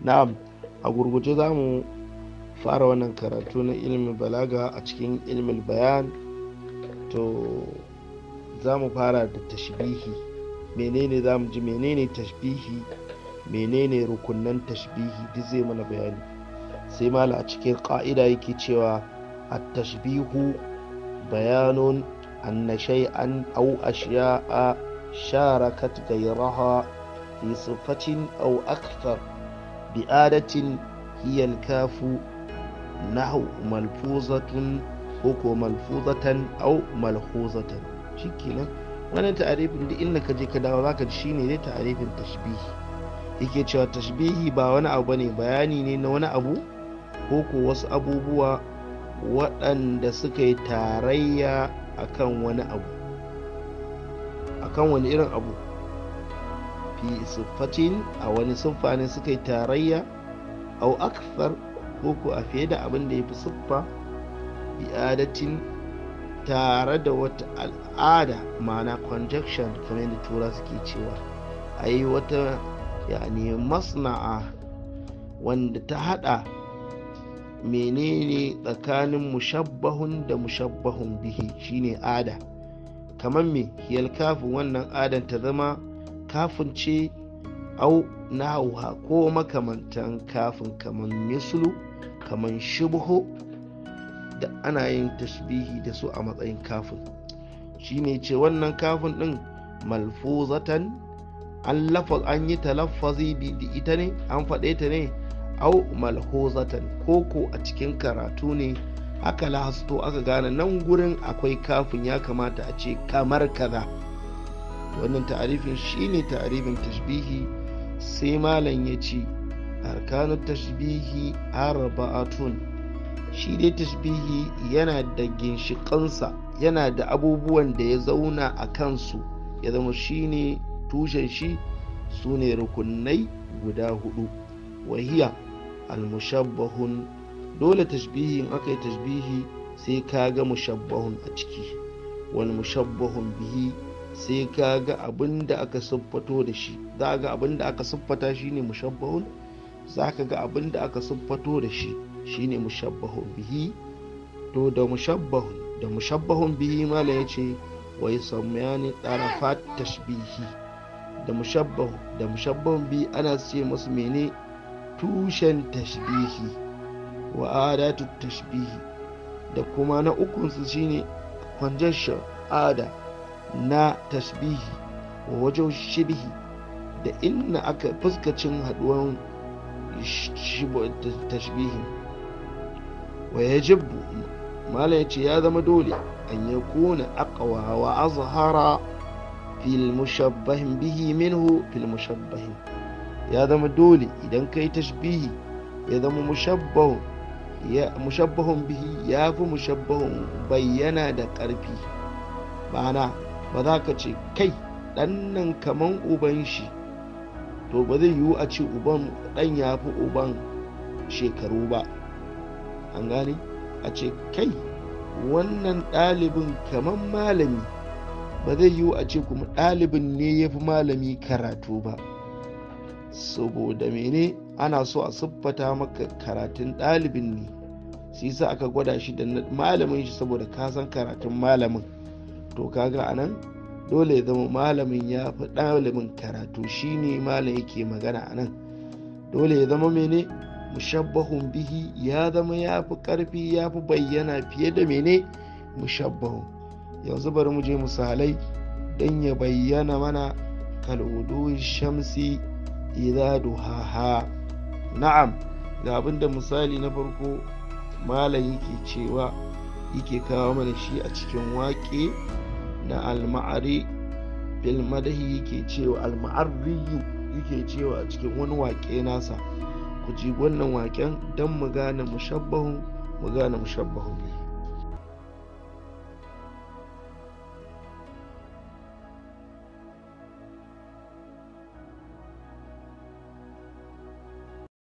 na'am a gurguje za mu fara wannan karatu na ilimin balaga a cikin ilimin bayan to za mu fara da tashbihi menene za mu ji menene tashbihi menene rukunan tashbihi duk zai mana bayani sai mala a cikin ka'ida yake cewa a tashbihu bayanun an au أو a شاركت غيرها في صفة au أكثر bi'adatin hiya alkafu nahu malfuzatun ko malfuzatan au malhuzatan shikenan wannan ta'arifin duk inda ka je ka dawo zaka ji shine dai ta'arifin tashbihi yake cewa tashbihi ba wani abu bane bayani ne na wani abu ko ko wasu abubuwa waɗanda suka yi tarayya akan wani akan wani irin abu fi siffatin a wani siffa ne suka yi tarayya au akfar ko ko a fiye da abin da ya fi siffa bi'adatin tare da wata al'ada ma'ana conjunction kamar da tura suke cewa a yi wata yani masna'a wanda ta hada menene tsakanin mushabbahun da mushabbahun bihi shine ada kamar me hiyal wannan adan ta zama kafin ce au hauha ko makamantan kafin kamar mislu kamar shubho da ana yin tasbihi da su a matsayin kafin shi ne ce wannan kafin din malfuzatan an lafaz an yi talaffazi da ita ne an faɗe ta ne au malhuzatan koko a cikin karatu ne aka lahasto aka gane nan gurin akwai kafin ya kamata a ce kamar kaza. wannan ta'arifin shine ta'arifin tashbihi sai malam ya ce arkanu tashbihi arba'atun shi dai tashbihi yana da ginshiƙansa yana da abubuwan da ya zauna a kansu ya zama shine tushen shi su ne rukunai guda hudu wahiya almushabbahun dole tashbihi in aka yi tashbihi sai ka ga mushabbahun a ciki wal mushabbahun bihi sai ka ga abin da aka siffato da shi za ga abin da aka siffata shi ne mushabbahun za ka ga abin da aka siffato da shi shi ne mushabbahun bihi to da mushabbahun da mushabbahun bihi malam ya ce wai samyani ɗarafat tashbihi da mushabbahun da mushabbahun bi ana ce masu mene tushen tashbihi wa adatu tashbihi da kuma na ukunsu shine conjunction ada na tasbihi wa wajen shibhi da inna aka fuskacin haduwan tashbihi wa ya jibbu mala ya ce ya zama dole an ya kone akawa wa azhara fil mushabbahin bihi minhu fil mushabbahin ya zama dole idan kai tashbihi ya zama mushabbahun mushabbahun bihi ya fi mushabbahun bayyana da ƙarfi Bana. ba za ka ce kai ɗan nan kaman uban shi to ba zai yiwu a ce uban ɗan ya fi uban shekaru ba an gane a ce kai wannan ɗalibin kaman malami ba zai yiwu a ce kuma ɗalibin ne ya fi malami karatu ba saboda mene ana so a siffata maka karatun ɗalibin ne sai sa aka gwada shi da malamin shi saboda kasan karatun malamin to kaga anan dole ya zama malamin ya fi ɗalibin karatu shine malam yake magana anan dole ya zama mene mushabbahun bihi ya zama ya fi ƙarfi ya fi bayyana fiye da mene mushabbahun yanzu bari mu je misalai don ya bayyana mana kalwudu shamsi idza duhaha na'am ga abin da misali na farko malam yake cewa yake kawo mana shi a cikin waƙe na alma'ari filmadahi yake cewa alma'arriyu yake cewa a cikin wani waƙe nasa ku ji wannan waken don mu gane shabbahu mu gane mushabbahun bihi